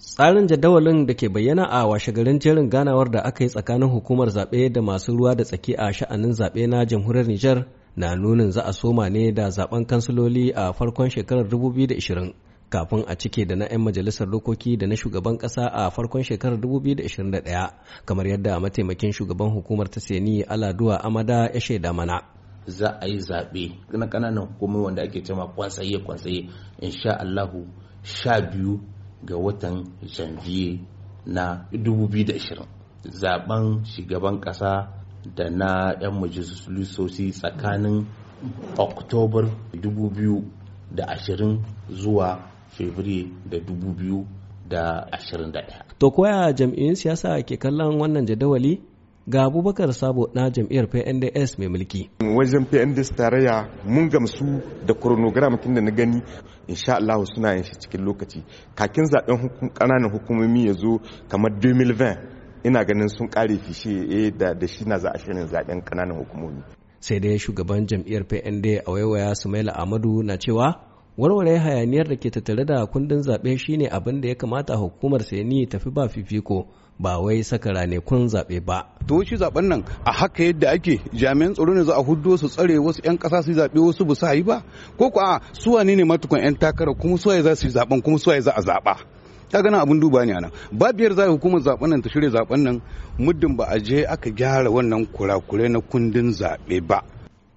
Tsarin jadawalin da ke bayyana a washegarin jerin ganawar da aka yi tsakanin hukumar zaɓe da masu ruwa da tsaki a sha'anin zaɓe na jamhuriyar Nijar na nunin za a soma ne da zaɓen kansiloli a farkon shekarar 2020 kafin a cike da na 'yan majalisar dokoki da na shugaban ƙasa a farkon shekarar 2021 kamar yadda mataimakin shugaban hukumar ta seni aladuwa amada ya shaida mana. za a yi zaɓe na ƙananan hukumar wanda ake cewa kwansaye kwansaye insha Allahu sha biyu ga watan janvier na 2020 zaben shugaban ƙasa da na 'yan majalisoci tsakanin oktobar 2020 zuwa fevrier da 2021 to koya jam'iyyun siyasa ke kallon wannan jadawali ga abubakar sabo na jam'iyyar pnds mai mulki wajen pnds tarayya mun gamsu da chronogram tun da na gani insha Allah suna yin shi cikin lokaci kakin zaben kananan hukumomi ya zo kamar 2020 ina ganin sun kare fishe eh, da shi na za a shirin zaben kananan hukumomi sai dai shugaban jam'iyyar pnd a waiwaya sumaila amadu na cewa warware hayaniyar da ke tattare da kundin zaɓe shine abin da ya kamata hukumar seni tafi ba fifiko ba wai saka ranakun zaɓe ba. To shi zaɓen nan a haka yadda ake jami'an tsaro ne za a huddo su tsare wasu 'yan ƙasa su zaɓe wasu ba sa yi ba ko ko a su wane ne matukan 'yan takara kuma waye za su yi zaɓen kuma waye za a zaɓa. ta gana abin duba ne anan ba biyar za hukumar zaben nan ta shirya zaben nan muddin ba a je aka gyara wannan kurakurai na kundin zaɓe ba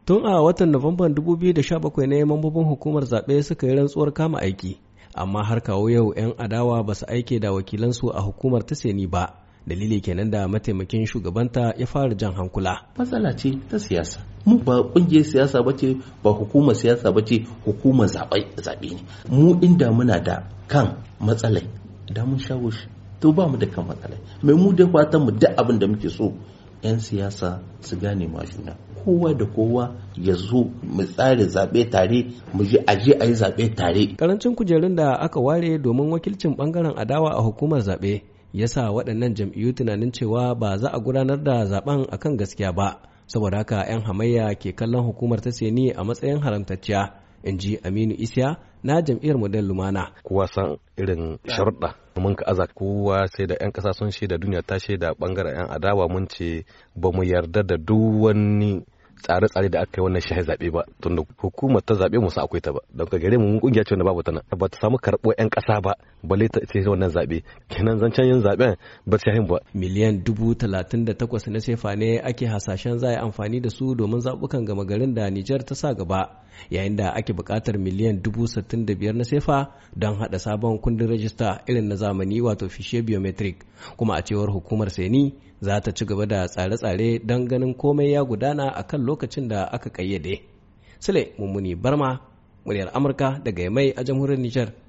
tun a watan nuwamban 2017 ne mambobin hukumar zaɓe suka yi rantsuwar kama aiki amma har kawo yau 'yan adawa ba su aike da wakilansu a hukumar ta seni ba dalili kenan da mataimakin shugabanta ya fara jan hankula matsala ce ta siyasa mu ba kungiyar siyasa ba ce ba hukumar siyasa ba ce hukumar zaɓe ne mu inda muna da kan matsalai da mun shawo shi to ba mu da kan matsalai mai mu da fatan mu duk abin da muke so 'yan siyasa su gane ma juna kowa da kowa ya zo mu tsare zaɓe tare mu je aje a yi zaɓe tare. Karancin kujerun da aka ware domin wakilcin bangaren adawa a hukumar zaɓe ya sa waɗannan jam'iyyu tunanin cewa ba za a gudanar da zaɓen akan gaskiya ba. Saboda haka 'yan hamayya ke kallon hukumar ta seni a matsayin haramtacciya. in ji aminu isya na jam'iyyar model lumana kowa san irin sharuɗa mun ka aza kowa sai da 'yan ƙasa sun shaida duniya ta shaida bangaren 'yan adawa mun ce ba mu yarda da duk wani tsare-tsare da aka yi wannan shahin zaɓe ba tunda hukumar ta zaɓe musu akwai ta ba don ka gare mu mun kungiya ce wanda babu ta ba ta samu karɓo 'yan ƙasa ba balle ta ce wannan zaɓe kenan zancen yin zaɓen ba shahin ba. miliyan dubu talatin da takwas na sefa ne ake hasashen za a yi amfani da su domin zaɓukan gama garin da nijar ta sa gaba yayin da ake buƙatar miliyan dubu sittin da biyar na sefa don haɗa sabon kundin rajista irin na zamani wato fishe biometric kuma a cewar hukumar seni za ta ci gaba da tsare-tsare don ganin komai ya gudana a kan lokaci lokacin da aka kayyade. Sule Mummuni Barma, muryar Amurka daga Yamai a jamhuriyar Nijar.